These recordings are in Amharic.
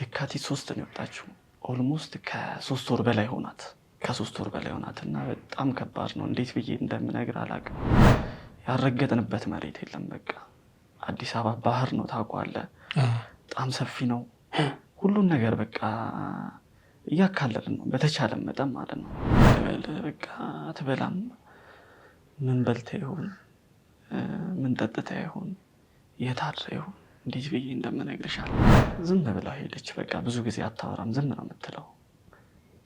የካቲት ሶስት ነው የወጣችው። ኦልሞስት ከሶስት ወር በላይ ሆናት ከሶስት ወር በላይ ሆናት እና በጣም ከባድ ነው። እንዴት ብዬ እንደምነግር አላውቅም። ያረገጥንበት መሬት የለም። በቃ አዲስ አበባ ባህር ነው ታቋለ በጣም ሰፊ ነው። ሁሉን ነገር በቃ እያካለልን ነው በተቻለ መጠን ማለት ነው። በቃ ትበላም ምን በልተ ይሆን ምን ጠጥተ ይሆን የት አድረ ይሆን እንዴት ብዬ እንደምነግርሻል። ዝም ብለው ሄደች። በቃ ብዙ ጊዜ አታወራም፣ ዝም ነው የምትለው።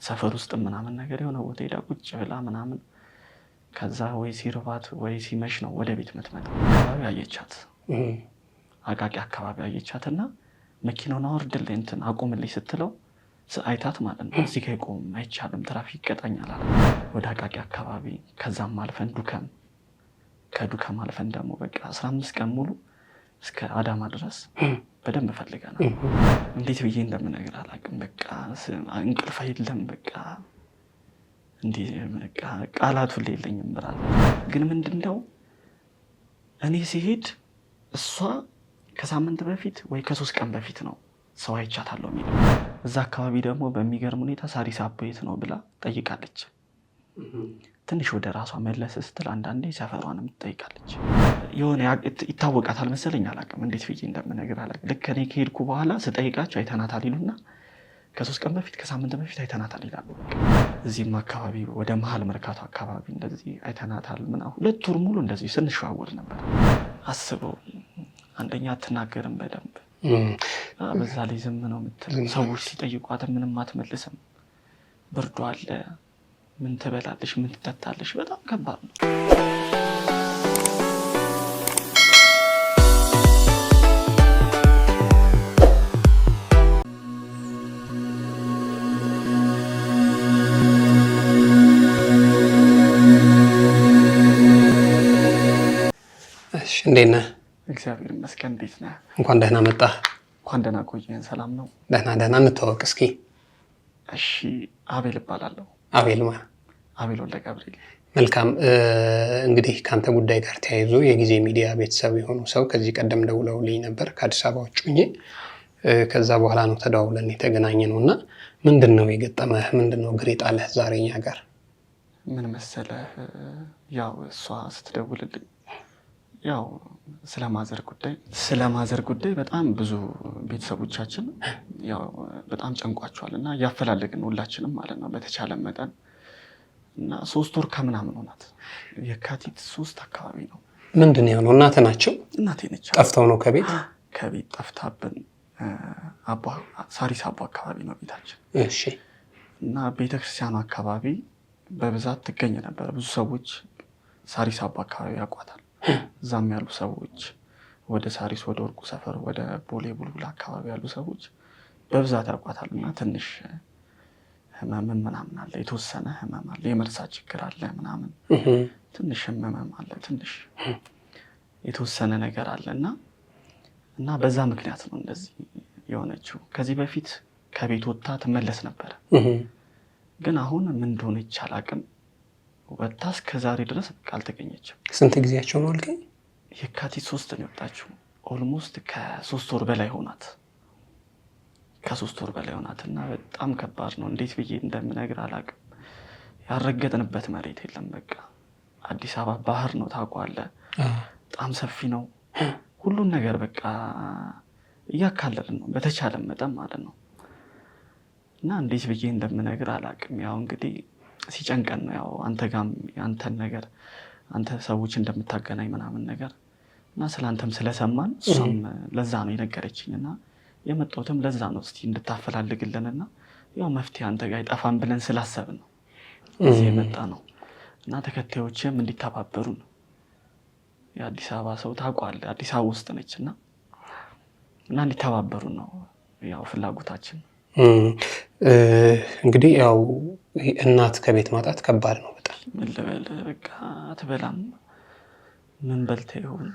ሰፈር ውስጥ ምናምን ነገር የሆነ ቦታ ሄዳ ቁጭ ብላ ምናምን፣ ከዛ ወይ ሲርባት ወይ ሲመሽ ነው ወደ ቤት የምትመጣው። አካባቢ አየቻት፣ አቃቂ አካባቢ አየቻት እና መኪናውን አወርድልኝ እንትን አቁምልኝ ስትለው አይታት ማለት ነው። እዚህ ጋ ይቆም አይቻልም፣ ትራፊክ ይቀጣኛል። ወደ አቃቂ አካባቢ ከዛም አልፈን ዱከም፣ ከዱከም አልፈን ደግሞ በቃ አስራ አምስት ቀን ሙሉ እስከ አዳማ ድረስ በደንብ ፈልገናል። እንዴት ብዬ እንደምነግር አላውቅም። በቃ እንቅልፍ የለም በቃ ቃላት የለኝም። ምራል ግን ምንድን ነው እኔ ሲሄድ እሷ ከሳምንት በፊት ወይ ከሶስት ቀን በፊት ነው ሰው አይቻታለሁ የሚለው እዛ አካባቢ ደግሞ በሚገርም ሁኔታ ሳሪስ አቦየት ነው ብላ ጠይቃለች። ትንሽ ወደ ራሷ መለስ ስትል አንዳንዴ ሰፈሯንም ትጠይቃለች። የሆነ ይታወቃታል መሰለኝ አላውቅም፣ እንዴት ብዬ እንደምነግር አላውቅም። ልክ እኔ ከሄድኩ በኋላ ስጠይቃቸው አይተናታል ይሉና ከሶስት ቀን በፊት ከሳምንት በፊት አይተናታል ይላሉ። እዚህም አካባቢ ወደ መሀል መርካቶ አካባቢ እንደዚህ አይተናታል ምናምን። ሁለት ወር ሙሉ እንደዚህ ስንሸዋወል ነበር። አስበው፣ አንደኛ አትናገርም በደንብ በዛ ላይ ዝም ነው የምትለው። ሰዎች ሲጠይቋት ምንም አትመልስም። ብርዱ አለ ምን ትበላለሽ፣ ምን ትጠጣለሽ? በጣም ከባድ ነው። እንዴት ነህ? እግዚአብሔር ይመስገን። እንዴት ነህ? እንኳን ደህና መጣህ። እንኳን ደህና ቆየን። ሰላም ነው? ደህና ደህና። እንተዋወቅ እስኪ። እሺ፣ አቤል እባላለሁ አቤል ማ አቤል ወልደ ገብርኤል። መልካም እንግዲህ ከአንተ ጉዳይ ጋር ተያይዞ የጊዜ ሚዲያ ቤተሰብ የሆኑ ሰው ከዚህ ቀደም ደውለውልኝ ነበር ከአዲስ አበባ ውጭ ሁኜ ከዛ በኋላ ነው ተደዋውለን የተገናኘ ነው እና ምንድን ነው የገጠመህ? ምንድን ነው ግር የጣለህ ጋር? ምን መሰለህ ያው እሷ ስትደውልልኝ ያው ስለ ማዘር ጉዳይ ስለ ማዘር ጉዳይ በጣም ብዙ ቤተሰቦቻችን ያው በጣም ጨንቋቸዋል እና እያፈላለግን ሁላችንም ማለት ነው በተቻለ መጠን እና ሶስት ወር ከምናምን ሆናት የካቲት ሶስት አካባቢ ነው። ምንድን ያሉ እናተ ናቸው። እናቴ ነች። ጠፍተው ነው ከቤት ከቤት ጠፍታብን ሳሪስ አቦ አካባቢ ነው ቤታችን። እሺ። እና ቤተክርስቲያኑ አካባቢ በብዛት ትገኝ ነበር። ብዙ ሰዎች ሳሪስ አቦ አካባቢ ያውቋታል። እዛም ያሉ ሰዎች ወደ ሳሪስ ወደ ወርቁ ሰፈር ወደ ቦሌ ቡልቡል አካባቢ ያሉ ሰዎች በብዛት ያውቋታል እና ትንሽ ህመምን ምናምን አለ፣ የተወሰነ ህመም አለ፣ የመርሳ ችግር አለ ምናምን ትንሽ ህመም አለ፣ ትንሽ የተወሰነ ነገር አለ እና እና በዛ ምክንያት ነው እንደዚህ የሆነችው። ከዚህ በፊት ከቤት ወጥታ ትመለስ ነበረ፣ ግን አሁን ምን እንደሆነ ይቻል አቅም ወታ እስከ ዛሬ ድረስ አልተገኘችም። ስንት ጊዜያቸው ነው አልከኝ? የካቲት ሶስት ነው የወጣችው። ኦልሞስት ከሶስት ወር በላይ ሆናት። ከሶስት ወር በላይ ሆናት እና በጣም ከባድ ነው። እንዴት ብዬ እንደምነግር አላቅም? ያረገጥንበት መሬት የለም። በቃ አዲስ አበባ ባህር ነው ታውቀዋለህ። በጣም ሰፊ ነው። ሁሉን ነገር በቃ እያካለልን ነው በተቻለ መጠን ማለት ነው። እና እንዴት ብዬ እንደምነግር አላቅም ያው እንግዲህ ሲጨንቀን ነው ያው አንተ ጋም አንተን ነገር አንተ ሰዎች እንደምታገናኝ ምናምን ነገር እና ስለ አንተም ስለሰማን እሷም ለዛ ነው የነገረችኝ እና የመጣትም ለዛ ነው እስኪ እንድታፈላልግልን እና ያው መፍትሄ አንተ ጋር አይጠፋም ብለን ስላሰብ ነው እዚህ የመጣ ነው እና ተከታዮችም እንዲተባበሩ ነው። የአዲስ አበባ ሰው ታቋል አዲስ አበባ ውስጥ ነች እና እና እንዲተባበሩ ነው ያው ፍላጎታችን እንግዲህ ያው እናት ከቤት ማጣት ከባድ ነው በጣም ምን ልበል በቃ አትበላም ምን በልተ ይሆን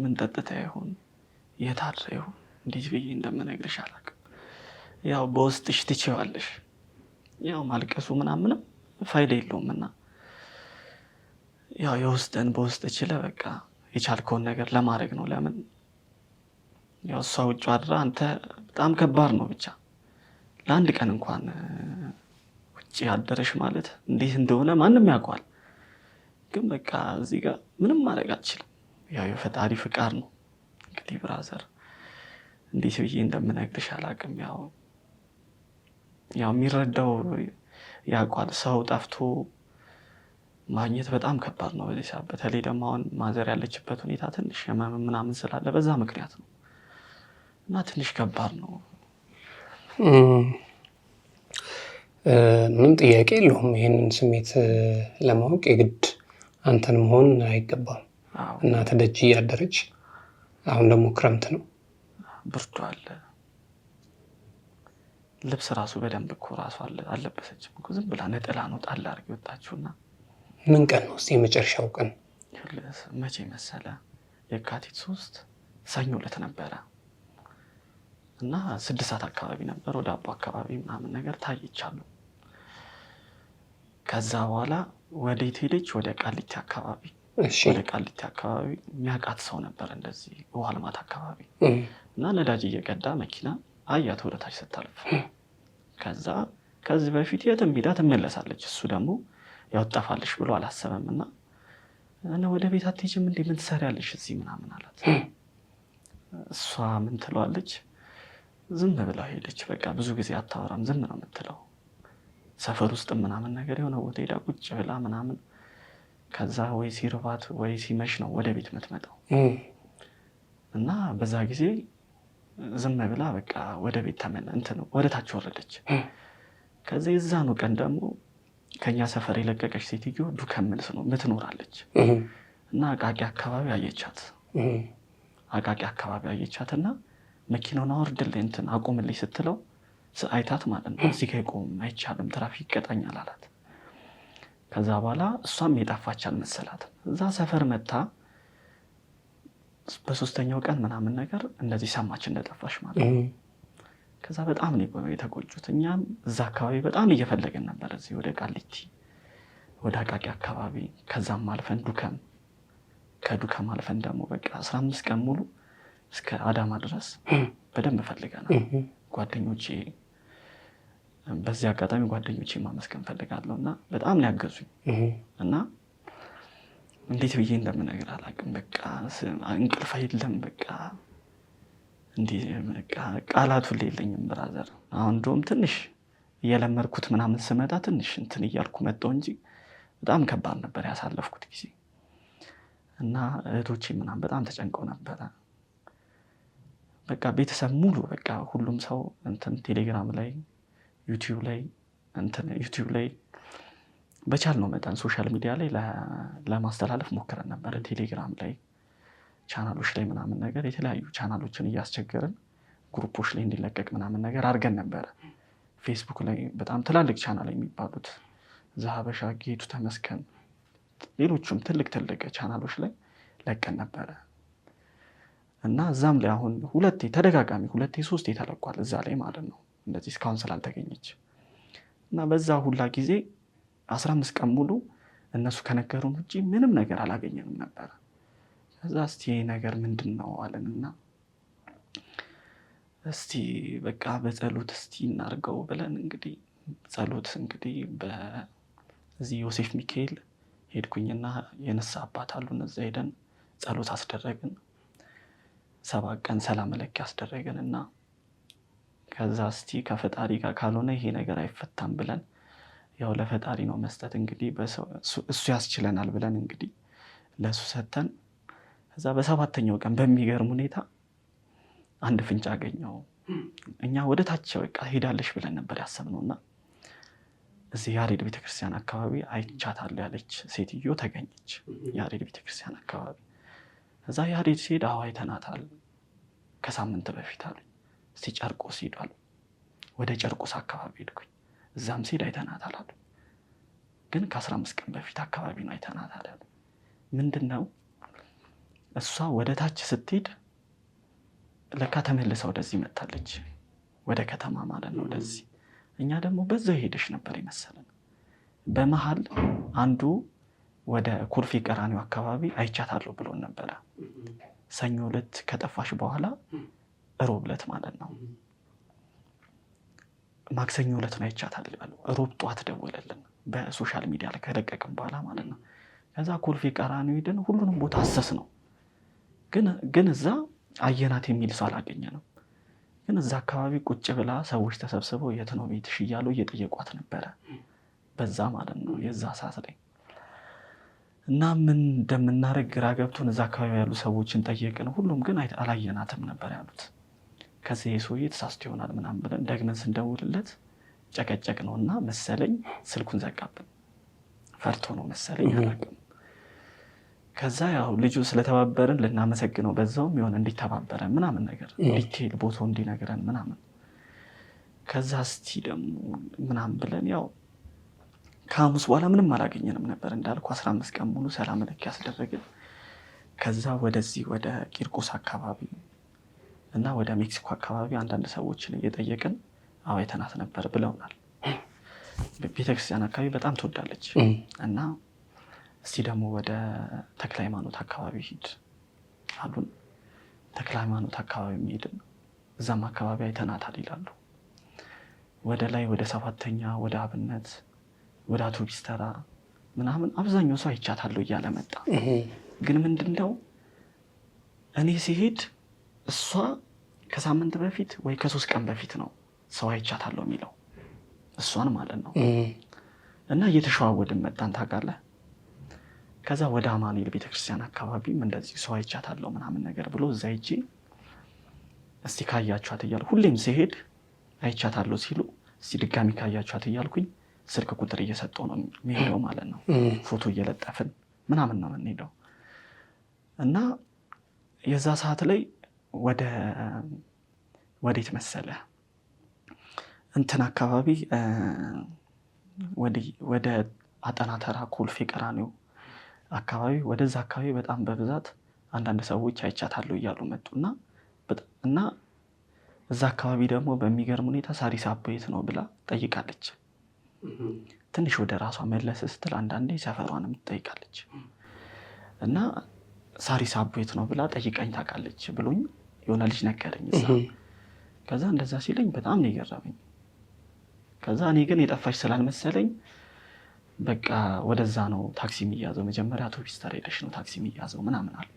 ምን ጠጥታ ይሆን የታረ ይሁን እንዴት ብዬ እንደምነግርሽ አላውቅም ያው በውስጥሽ ትችዋለሽ ያው ማልቀሱ ምናምንም ፋይል የለውም እና ያው የውስጥን በውስጥ ችለ በቃ የቻልከውን ነገር ለማድረግ ነው። ለምን ያው እሷ ውጭ አድራ አንተ በጣም ከባድ ነው። ብቻ ለአንድ ቀን እንኳን ውጭ አደረሽ ማለት እንዴት እንደሆነ ማንም ያውቀዋል። ግን በቃ እዚህ ጋር ምንም ማድረግ አልችልም። ያው የፈጣሪ ፍቃድ ነው። እንግዲህ ብራዘር እንዴት ብዬ እንደምነግርሽ አላውቅም። ያው ያው የሚረዳው ያውቋል። ሰው ጠፍቶ ማግኘት በጣም ከባድ ነው በዚህ ሰዓት። በተለይ ደግሞ አሁን ማዘር ያለችበት ሁኔታ ትንሽ ህመም ምናምን ስላለ በዛ ምክንያት ነው እና ትንሽ ከባድ ነው። ምንም ጥያቄ የለውም። ይህንን ስሜት ለማወቅ የግድ አንተን መሆን አይገባም። እናተ ደጅ እያደረች አሁን ደግሞ ክረምት ነው፣ ብርዱ አለ። ልብስ ራሱ በደንብ እኮ ራሱ አለበሰችም ዝም ብላ ነጠላ ነው ጣል አድርጌ ወጣችሁና። ምን ቀን ነው እስኪ የመጨረሻው ቀን መቼ መሰለ? የካቲት ሶስት ሰኞ ዕለት ነበረ እና ስድስት ሰዓት አካባቢ ነበር ወደ አቦ አካባቢ ምናምን ነገር ታይቻሉ። ከዛ በኋላ ወዴት ሄደች? ወደ ቃሊቲ አካባቢ ወደ ቃሊቲ አካባቢ የሚያውቃት ሰው ነበር እንደዚህ ውሃ ልማት አካባቢ እና ነዳጅ እየቀዳ መኪና አያት ወደታች ስታልፍ። ከዛ ከዚህ በፊት የትም ሄዳ ትመለሳለች። እሱ ደግሞ ያው ብሎ አላሰበም እና እና ወደ ቤት አትሄጂም እንዴ ምን ትሰሪያለሽ እዚህ ምናምን አላት። እሷ ምን ትለዋለች? ዝም ብላ ሄደች። በቃ ብዙ ጊዜ አታወራም፣ ዝም ነው የምትለው ሰፈር ውስጥ ምናምን ነገር የሆነ ቦታ ሄዳ ቁጭ ብላ ምናምን ከዛ ወይ ሲርባት ወይ ሲመሽ ነው ወደ ቤት የምትመጣው እና በዛ ጊዜ ዝም ብላ በቃ ወደ ቤት ተመለ እንትን ወደ ታች ወረደች። ከዚህ የዛኑ ቀን ደግሞ ከኛ ሰፈር የለቀቀች ሴትዮ ዱከምልስ ነው ምትኖራለች እና አቃቂ አካባቢ አየቻት። አቃቂ አካባቢ አየቻት እና መኪናውን አወርድልኝ እንትን አቁምልኝ ስትለው አይታት ማለት ነው። እዚህ ጋር ይቆም አይቻልም ትራፊክ ይቀጣኛል አላት። ከዛ በኋላ እሷም የጠፋች አልመሰላት እዛ ሰፈር መታ በሶስተኛው ቀን ምናምን ነገር እንደዚህ ሰማች እንደጠፋሽ ማለት ነው። ከዛ በጣም ነው የተቆጩት። እኛም እዛ አካባቢ በጣም እየፈለገን ነበር፣ እዚህ ወደ ቃሊቲ ወደ አቃቂ አካባቢ፣ ከዛም አልፈን ዱከም፣ ከዱከም አልፈን ደግሞ በቃ አስራ አምስት ቀን ሙሉ እስከ አዳማ ድረስ በደንብ ፈልገናል ጓደኞቼ በዚህ አጋጣሚ ጓደኞች ማመስገን ፈልጋለሁ እና በጣም ሊያገዙኝ እና እንዴት ብዬ እንደምነግር አላቅም በቃ እንቅልፍ የለም በቃ ቃላት ሁሌ የለኝም ብራዘር። አሁን እንደውም ትንሽ እየለመድኩት ምናምን ስመጣ ትንሽ እንትን እያልኩ መጠው እንጂ በጣም ከባድ ነበር ያሳለፍኩት ጊዜ እና እህቶቼ ምናም በጣም ተጨንቀው ነበረ። በቃ ቤተሰብ ሙሉ በቃ ሁሉም ሰው እንትን ቴሌግራም ላይ ዩቲዩብ ላይ እንትን ዩቲዩብ ላይ ነው መጠን ሶሻል ሚዲያ ላይ ለማስተላለፍ ሞክረን ነበረ። ቴሌግራም ላይ ቻናሎች ላይ ምናምን ነገር የተለያዩ ቻናሎችን እያስቸገርን ግሩፖች ላይ እንዲለቀቅ ምናምን ነገር አድርገን ነበረ። ፌስቡክ ላይ በጣም ትላልቅ ቻናል የሚባሉት ዘሀበሻ፣ ጌቱ ተመስከን ሌሎቹም ትልቅ ትልቅ ቻናሎች ላይ ለቀን ነበረ እና እዛም ላይ አሁን ሁለቴ ተደጋጋሚ ሁለቴ ሶስቴ ተለቋል እዛ ላይ ማለት ነው እንደዚህ እስካሁን ስላልተገኘች እና በዛ ሁላ ጊዜ አስራ አምስት ቀን ሙሉ እነሱ ከነገሩን ውጭ ምንም ነገር አላገኘንም ነበረ። ከዛ እስቲ ነገር ምንድን ነው እና እስቲ በቃ በጸሎት እስቲ እናርገው ብለን እንግዲህ ጸሎት እንግዲህ በዚህ ዮሴፍ ሚካኤል ሄድኩኝና የነሳ አባት አሉ እነዛ ሄደን ጸሎት አስደረግን። ሰባት ቀን ሰላም ለኪ አስደረግን እና ከዛ እስቲ ከፈጣሪ ጋር ካልሆነ ይሄ ነገር አይፈታም ብለን ያው ለፈጣሪ ነው መስጠት እንግዲህ እሱ ያስችለናል ብለን እንግዲህ ለእሱ ሰተን ከዛ በሰባተኛው ቀን በሚገርም ሁኔታ አንድ ፍንጭ አገኘው። እኛ ወደ ታች በቃ ሄዳለሽ ብለን ነበር ነው እና እዚህ ያሬድ ቤተክርስቲያን አካባቢ አይቻታል ያለች ሴትዮ ተገኘች። ያሬድ ቤተክርስቲያን አካባቢ እዛ ያሬድ ሲሄድ አዋይ ተናታል ከሳምንት በፊት አለኝ። እስቲ ጨርቆስ ሂዱ ወደ ጨርቆስ አካባቢ ሄድኩኝ። እዛም ሲሄድ አይተናታል አሉ። ግን ከአስራ አምስት ቀን በፊት አካባቢ ነው አይተናታል አሉ። ምንድን ነው እሷ ወደ ታች ስትሄድ ለካ ተመልሰ ወደዚህ መታለች፣ ወደ ከተማ ማለት ነው። ወደዚህ እኛ ደግሞ በዛው ሄደሽ ነበር ይመሰለን በመሀል አንዱ ወደ ኩርፊ ቀራኒው አካባቢ አይቻታለሁ ብሎን ነበረ። ሰኞ ሁለት ከጠፋሽ በኋላ እሮብ ዕለት ማለት ነው። ማክሰኞ ለት ነው አይቻታል እላለሁ። ሮብ ጠዋት ደወለልን በሶሻል ሚዲያ ላይ ከለቀቅም በኋላ ማለት ነው። ከዛ ኮልፌ ነው ሄደን ሁሉንም ቦታ አሰስ ነው ግን እዛ አየናት የሚል ሰው ነው ግን እዛ አካባቢ ቁጭ ብላ ሰዎች ተሰብስበው የት ነው ቤት ሽያሉ እየጠየቋት ነበረ። በዛ ማለት ነው የዛ ሰዓት ላይ እና ምን እንደምናደረግ ግራ ገብቶን እዛ አካባቢ ያሉ ሰዎችን ጠየቅን። ሁሉም ግን አላየናትም ነበር ያሉት። ከዚህ ሰውዬ ተሳስቶ ይሆናል ምናምን ብለን ደግመን ስንደውልለት ጨቀጨቅ ነው እና መሰለኝ ስልኩን ዘጋብን። ፈርቶ ነው መሰለኝ አላውቅም። ከዛ ያው ልጁ ስለተባበረን ልናመሰግነው በዛውም የሆነ እንዲተባበረን ምናምን ነገር ዲቴል ቦታው እንዲነግረን ምናምን ከዛ እስቲ ደግሞ ምናምን ብለን ያው ከሐሙስ በኋላ ምንም አላገኘንም ነበር እንዳልኩ አስራ አምስት ቀን ሙሉ ሰላም ልክ ያስደረግን ከዛ ወደዚህ ወደ ቂርቆስ አካባቢ እና ወደ ሜክሲኮ አካባቢ አንዳንድ ሰዎችን እየጠየቅን አዋይተናት ነበር ብለውናል። ቤተክርስቲያን አካባቢ በጣም ትወዳለች እና እስቲ ደግሞ ወደ ተክለ ሃይማኖት አካባቢ ሂድ አሉን። ተክለ ሃይማኖት አካባቢ ሄድን። እዛም አካባቢ አይተናታል ይላሉ። ወደ ላይ ወደ ሰባተኛ ወደ አብነት ወደ አቶ ቢስተራ ምናምን አብዛኛው ሰው አይቻታሉ እያለ መጣ። ግን ምንድን ነው እኔ ሲሄድ እሷ ከሳምንት በፊት ወይ ከሶስት ቀን በፊት ነው ሰው አይቻታለው የሚለው እሷን ማለት ነው። እና እየተሸዋወድን መጣን ታቃለ ከዛ ወደ አማኑኤል ቤተክርስቲያን አካባቢም እንደዚህ ሰው አይቻታለሁ ምናምን ነገር ብሎ እዛ ሂጄ እስቲ ካያችኋት እያልኩ ሁሌም ሲሄድ አይቻታለሁ ሲሉ እስቲ ድጋሚ ካያችኋት እያልኩኝ ስልክ ቁጥር እየሰጠው ነው የሚሄደው ማለት ነው። ፎቶ እየለጠፍን ምናምን ነው የምንሄደው እና የዛ ሰዓት ላይ ወደ ወዴት መሰለ እንትን አካባቢ ወደ አጠና ተራ ኩልፍ ቀራኒው አካባቢ ወደዛ አካባቢ በጣም በብዛት አንዳንድ ሰዎች አይቻታሉ እያሉ መጡና እና እዛ አካባቢ ደግሞ በሚገርም ሁኔታ ሳሪስ አቦየት ነው ብላ ጠይቃለች። ትንሽ ወደ ራሷ መለስ ስትል አንዳንዴ ሰፈሯንም ትጠይቃለች እና ሳሪስ አቦየት ነው ብላ ጠይቃኝ ታውቃለች ብሎኝ የሆነ ልጅ ነገረኝ ከዛ እንደዛ ሲለኝ በጣም ነው የገረመኝ። ከዛ እኔ ግን የጠፋች ስላልመሰለኝ በቃ ወደዛ ነው ታክሲ የሚያዘው፣ መጀመሪያ አውቶቢስ ተራ ሄደሽ ነው ታክሲ የሚያዘው ምናምን አለ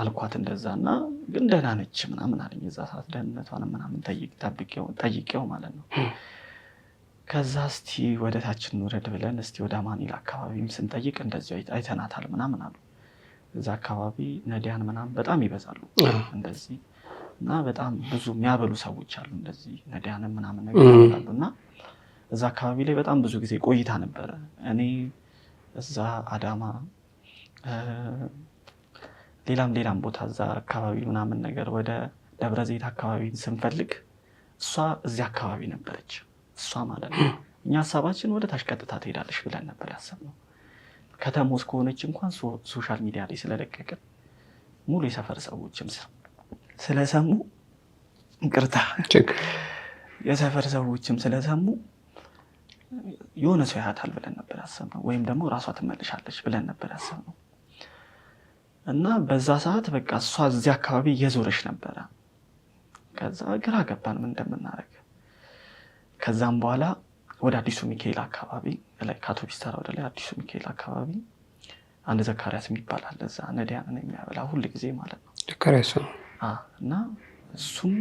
አልኳት እንደዛ እና ግን ደህና ነች ምናምን አለኝ። እዛ ሰዓት ደህንነቷን ምናምን ጠይቄው ማለት ነው። ከዛ እስቲ ወደ ታችን ውረድ ብለን እስቲ ወደ አማኑኤል አካባቢም ስንጠይቅ እንደዚ አይተናታል ምናምን አሉ። እዛ አካባቢ ነዳያን ምናምን በጣም ይበዛሉ እንደዚህ እና በጣም ብዙ የሚያበሉ ሰዎች አሉ እንደዚህ ነዲያን ምናምን ነገር አሉ እና እዛ አካባቢ ላይ በጣም ብዙ ጊዜ ቆይታ ነበረ። እኔ እዛ አዳማ፣ ሌላም ሌላም ቦታ እዛ አካባቢ ምናምን ነገር ወደ ደብረ ዘይት አካባቢ ስንፈልግ እሷ እዚህ አካባቢ ነበረች። እሷ ማለት ነው እኛ ሀሳባችን ወደ ታች ቀጥታ ትሄዳለች ብለን ነበር ያሰብነው። ከተማ ውስጥ ከሆነች እንኳን ሶሻል ሚዲያ ላይ ስለለቀቀ ሙሉ የሰፈር ሰዎችም ስለሰሙ ይቅርታ የሰፈር ሰዎችም ስለሰሙ የሆነ ሰው ያታል ብለን ነበር ነው ወይም ደግሞ ራሷ ትመልሻለች ብለን ነበር ነው እና በዛ ሰዓት በቃ እሷ እዚህ አካባቢ እየዞረች ነበረ። ከዛ ግራ ገባን ምን ከዛም በኋላ ወደ አዲሱ ሚካኤል አካባቢ ላይ ከአቶ ተራ ወደ ላይ አዲሱ ሚካኤል አካባቢ አንድ ዘካርያስ የሚባል አለ። እዛ ነዳያንን የሚያበላ ሁል ጊዜ ማለት ነው ዘካሪያስ እና እሱም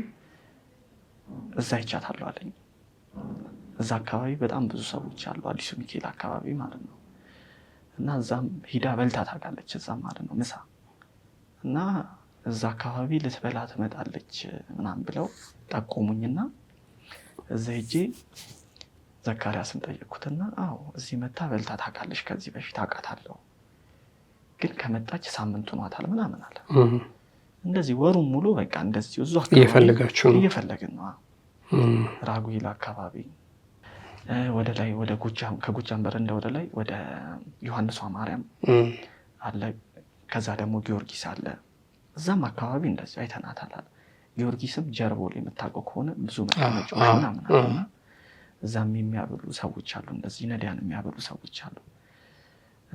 እዛ ይቻታለሁ አለኝ። እዛ አካባቢ በጣም ብዙ ሰዎች አሉ፣ አዲሱ ሚካኤል አካባቢ ማለት ነው። እና እዛም ሂዳ በልታ ታጋለች እዛ ማለት ነው ምሳ እና እዛ አካባቢ ልትበላ ትመጣለች ምናም ብለው ጠቆሙኝና እዛ ሄጄ ዘካርያስን ጠየቅኩትና አዎ እዚህ መታ በልታ ታውቃለች፣ ከዚህ በፊት አውቃታለሁ፣ ግን ከመጣች ሳምንቱ ኗታል ምናምን አለ። እንደዚህ ወሩን ሙሉ በቃ እንደዚህ እዙ እየፈለጋችሁ እየፈለግን ነው። ራጉኤል አካባቢ ወደ ላይ ወደ ጎጃም ከጎጃም በረንዳ ወደ ላይ ወደ ማርያም አለ። ከዛ ደግሞ ጊዮርጊስ አለ። እዛም አካባቢ እንደዚህ አይተናታላል ጊዮርጊስም ጀርቦ የምታውቀው ከሆነ ብዙ መቀመጫዎች ምናምን እዛም የሚያበሉ ሰዎች አሉ፣ እንደዚህ ነዳያን የሚያበሉ ሰዎች አሉ።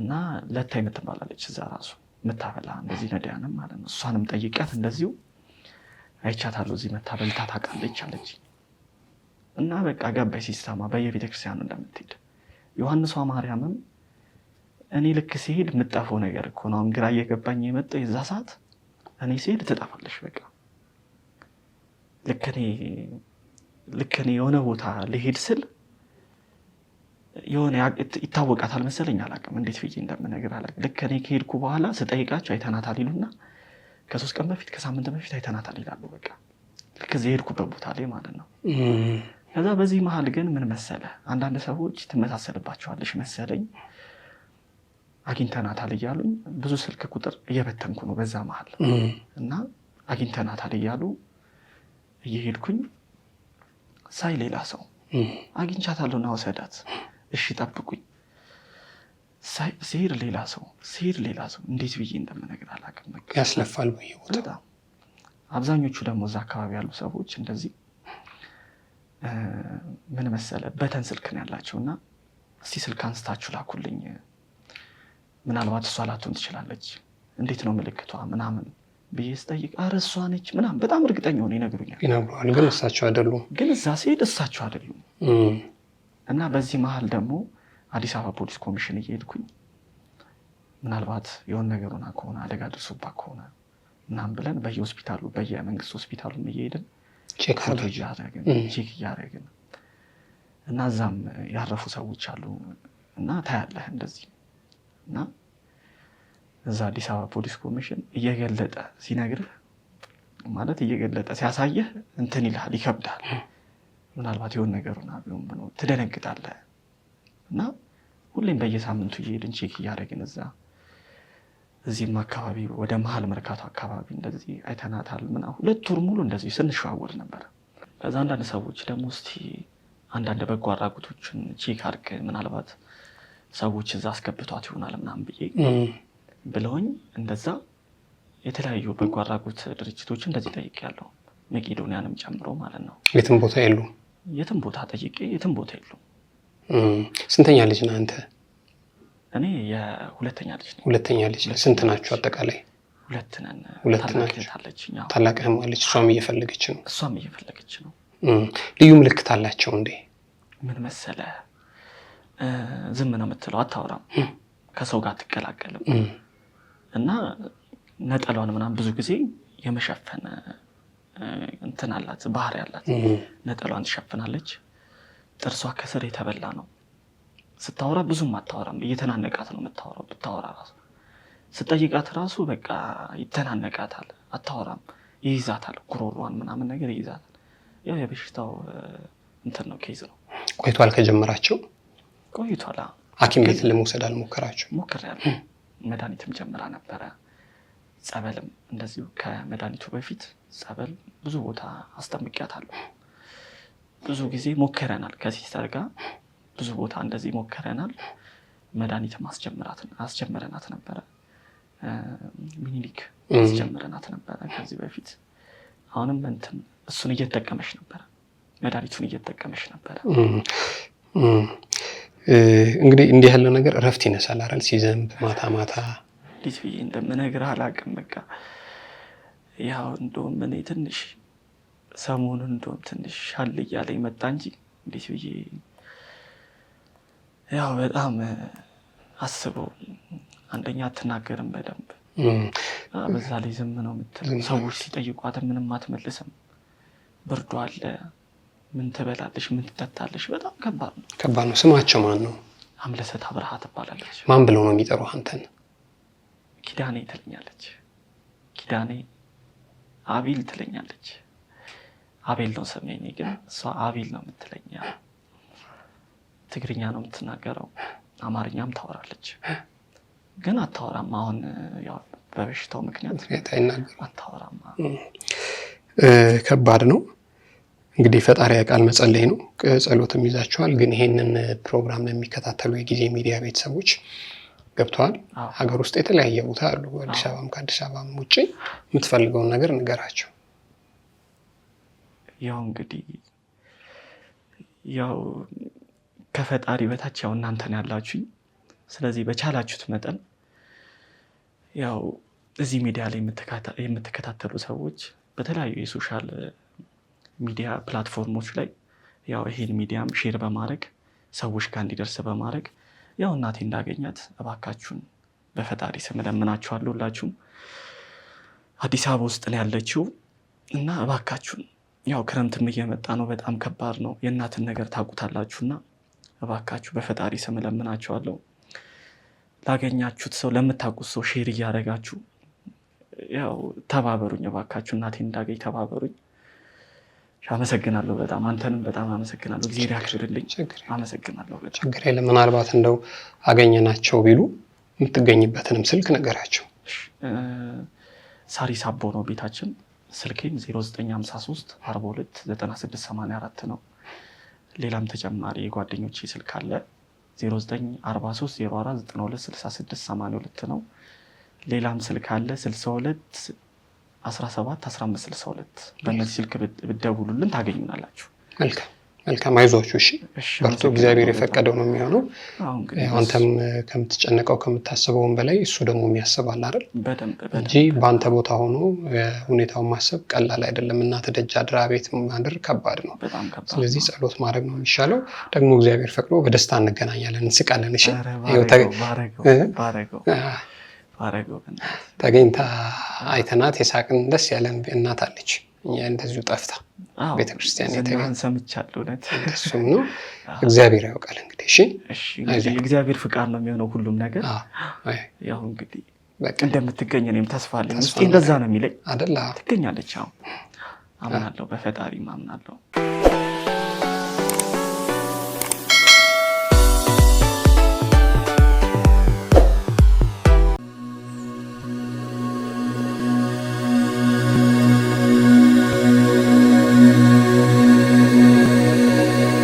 እና ለታ የምትባላለች እዛ ራሱ የምታበላ እንደዚህ ነዳያንም ማለት ነው። እሷንም ጠይቂያት እንደዚሁ አይቻታለሁ እዚህ መታ ታውቃለች አለች። እና በቃ ገባይ ሲሰማ በየቤተክርስቲያኑ እንደምትሄድ ዮሐንሷ ማርያምም እኔ ልክ ሲሄድ የምጠፈው ነገር እኮ ነው። አሁን ግራ እየገባኝ የመጣው የዛ ሰዓት እኔ ሲሄድ ትጠፋለች በቃ ልክ እኔ ልክ እኔ የሆነ ቦታ ልሄድ ስል የሆነ ይታወቃታል መሰለኝ አላቅም እንዴት ብዬ እንደምነግር አላ ልክ እኔ ከሄድኩ በኋላ ስጠይቃቸው አይተናታል ይሉና ከሶስት ቀን በፊት ከሳምንት በፊት አይተናታል ይላሉ። በቃ ልክ እዚህ የሄድኩበት ቦታ ላይ ማለት ነው። ከዛ በዚህ መሀል ግን ምን መሰለ አንዳንድ ሰዎች ትመሳሰልባቸዋለሽ መሰለኝ አግኝተናታል እያሉኝ ብዙ ስልክ ቁጥር እየበተንኩ ነው በዛ መሀል እና አግኝተናታል እያሉ እየሄድኩኝ ሳይ ሌላ ሰው ና ወሰዳት። እሺ ጠብቁኝ ሲሄድ ሌላ ሰው ሲሄድ ሌላ ሰው እንዴት ብዬ እንደምነግር አላውቅም። ያስለፋል አብዛኞቹ ደግሞ እዛ አካባቢ ያሉ ሰዎች እንደዚህ ምን መሰለ በተን ስልክ ነው ያላቸው እና እስቲ ስልክ አንስታችሁ ላኩልኝ፣ ምናልባት እሷ ላትሆን ትችላለች፣ እንዴት ነው ምልክቷ ምናምን ብዬ ስጠይቅ አረ እሷ ነች ምናምን በጣም እርግጠኛ ሆነ ይነግሩኛል፣ ይነግሩሃል። ግን እሳቸው አይደሉም። ግን እዛ ሲሄድ እሳቸው አይደሉም። እና በዚህ መሀል ደግሞ አዲስ አበባ ፖሊስ ኮሚሽን እየሄድኩኝ ምናልባት የሆን ነገር ሆና ከሆነ አደጋ ደርሶባት ከሆነ ምናምን ብለን በየሆስፒታሉ በየመንግስት ሆስፒታሉ እየሄድን ቼክ እያደረግን እና እዛም ያረፉ ሰዎች አሉ እና ታያለህ እንደዚህ እና እዛ አዲስ አበባ ፖሊስ ኮሚሽን እየገለጠ ሲነግርህ ማለት እየገለጠ ሲያሳየህ እንትን ይልሃል፣ ይከብዳል። ምናልባት የሆን ነገር ብሎ እና ሁሌም በየሳምንቱ እየሄድን ቼክ እያደረግን እዛ እዚህም አካባቢ ወደ መሀል መርካቶ አካባቢ እንደዚህ አይተናታል ምና ሁለት ቱር ሙሉ እንደዚህ ስንሸዋወል ነበር። ከዛ አንዳንድ ሰዎች ደግሞ እስኪ አንዳንድ በጎ አድራጎቶችን ቼክ አድርግ ምናልባት ሰዎች እዛ አስገብቷት ይሆናል ምናም ብዬ ብለውኝ እንደዛ የተለያዩ በጎ አድራጎት ድርጅቶች እንደዚህ ጠይቄያለሁ። መቄዶንያንም ጨምሮ ማለት ነው። የትም ቦታ የሉ የትም ቦታ ጠይቄ የትም ቦታ የሉ። ስንተኛ ልጅ ነህ አንተ? እኔ የሁለተኛ ልጅ ነኝ። ሁለተኛ ልጅ። ስንት ናቸው አጠቃላይ? ሁለት ነን። ሁለት ናችሁ። ታላቅህም አለች። እሷም እየፈለገች ነው። እሷም እየፈለገች ነው። ልዩ ምልክት አላቸው እንዴ? ምን መሰለህ፣ ዝም ነው የምትለው፣ አታወራም፣ ከሰው ጋር አትቀላቀልም እና ነጠላውን ምናምን ብዙ ጊዜ የመሸፈን እንትን አላት፣ ባህር ያላት ነጠሏን ትሸፍናለች። ጥርሷ ከስር የተበላ ነው። ስታወራ ብዙም አታወራም። እየተናነቃት ነው የምታወራው። ብታወራ ራሱ ስጠይቃት ራሱ በቃ ይተናነቃታል። አታወራም። ይይዛታል፣ ጉሮሯን ምናምን ነገር ይይዛታል። ያው የበሽታው እንትን ነው፣ ኬዝ ነው። ቆይቷል ከጀመራቸው ቆይቷል። ሐኪም ቤት ለመውሰድ አልሞከራቸው? ያለ መድኃኒትም ጀምራ ነበረ። ጸበልም እንደዚሁ ከመድኃኒቱ በፊት ጸበል ብዙ ቦታ አለ ብዙ ጊዜ ሞክረናል፣ ከሲስተር ጋር ብዙ ቦታ እንደዚህ ሞክረናል። መድኃኒትም አስጀምረናት ነበረ፣ ሚኒሊክ አስጀምረናት ነበረ ከዚህ በፊት። አሁንም እንትን እሱን እየተጠቀመች ነበረ፣ መድኃኒቱን እየተጠቀመች ነበረ። እንግዲህ እንዲህ ያለው ነገር እረፍት ይነሳል አይደል? ሲዘንብ ማታ ማታ እንዴት ብዬ እንደምነግር አላውቅም። በቃ ያው እንደውም እኔ ትንሽ ሰሞኑን እንደውም ትንሽ ሻል እያለ መጣ እንጂ እንዴት ብዬ ያው በጣም አስበው። አንደኛ አትናገርም በደንብ በዛ ላይ ዝም ነው የምትለው። ሰዎች ሲጠይቋት ምንም አትመልስም። ብርዱ አለ ምን ትበላለሽ፣ ምን ትጠጣለሽ? በጣም ከባድ ነው፣ ከባድ ነው። ስማቸው ማን ነው? አምለሰት አብርሃ ትባላለች። ማን ብለው ነው የሚጠሩ አንተን? ኪዳኔ ትለኛለች፣ ኪዳኔ አቢል ትለኛለች። አቤል ነው ስሜ፣ እኔ ግን እሷ አቢል ነው የምትለኛ። ትግርኛ ነው የምትናገረው፣ አማርኛም ታወራለች፣ ግን አታወራም። አሁን በበሽታው ምክንያት አታወራም። ከባድ ነው። እንግዲህ ፈጣሪ ቃል መጸለይ ነው። ጸሎትም ይዛቸዋል። ግን ይሄንን ፕሮግራም የሚከታተሉ የጊዜ ሚዲያ ቤተሰቦች ገብተዋል። ሀገር ውስጥ የተለያየ ቦታ አሉ። አዲስ አበባም ከአዲስ አበባም ውጭ የምትፈልገውን ነገር ንገራቸው። ያው እንግዲህ ያው ከፈጣሪ በታች ያው እናንተን ያላችሁኝ። ስለዚህ በቻላችሁት መጠን ያው እዚህ ሚዲያ ላይ የምትከታተሉ ሰዎች በተለያዩ የሶሻል ሚዲያ ፕላትፎርሞች ላይ ያው ይሄን ሚዲያም ሼር በማድረግ ሰዎች ጋር እንዲደርስ በማድረግ ያው እናቴ እንዳገኛት እባካችሁን በፈጣሪ ስም እለምናችኋለሁ። ሁላችሁም አዲስ አበባ ውስጥ ነው ያለችው እና እባካችሁን ያው ክረምትም እየመጣ ነው፣ በጣም ከባድ ነው። የእናትን ነገር ታውቁታላችሁና እባካችሁ በፈጣሪ ስም እለምናችኋለሁ። ላገኛችሁት ሰው ለምታውቁት ሰው ሼር እያደረጋችሁ ያው ተባበሩኝ እባካችሁ እናቴ እንዳገኝ ተባበሩኝ። አመሰግናለሁ በጣም አንተንም በጣም አመሰግናለሁ። ጊዜ ያክብርልኝ። አመሰግናለሁ። ችግር የለም። ምናልባት እንደው አገኘናቸው ቢሉ የምትገኝበትንም ስልክ ነገራቸው። ሳሪስ አቦ ነው ቤታችን። ስልኬም 0953 42 9684 ነው። ሌላም ተጨማሪ የጓደኞች ስልክ አለ 0943 04 92 6682 ነው። ሌላም ስልክ አለ 62 17 በእነዚህ ስልክ ብደውሉልን ታገኙናላችሁ። መልካም መልካም አይዟችሁ። እሺ በርቱ። እግዚአብሔር የፈቀደው ነው የሚሆነው። አንተም ከምትጨነቀው ከምታስበውን በላይ እሱ ደግሞ የሚያስባል አይደል እንጂ በአንተ ቦታ ሆኖ ሁኔታውን ማሰብ ቀላል አይደለም። እናት ደጅ አድራ ቤት ማድር ከባድ ነው። ስለዚህ ጸሎት ማድረግ ነው የሚሻለው። ደግሞ እግዚአብሔር ፈቅዶ በደስታ እንገናኛለን፣ እንስቃለን። እሺ ተገኝታ አይተናት የሳቅን ደስ ያለን እናት አለች። እኛ እንደዚሁ ጠፍታ ቤተክርስቲያን የተገኝ ሰምቻለሁ። እሱም ነው እግዚአብሔር ያውቃል። እንግዲህ እሺ፣ የእግዚአብሔር ፍቃድ ነው የሚሆነው ሁሉም ነገር። ያው እንግዲህ እንደምትገኝ እኔም ተስፋ አለኝ። ውስጤ እንደዛ ነው የሚለኝ። ትገኛለች። አሁን አምናለሁ፣ በፈጣሪ አምናለሁ።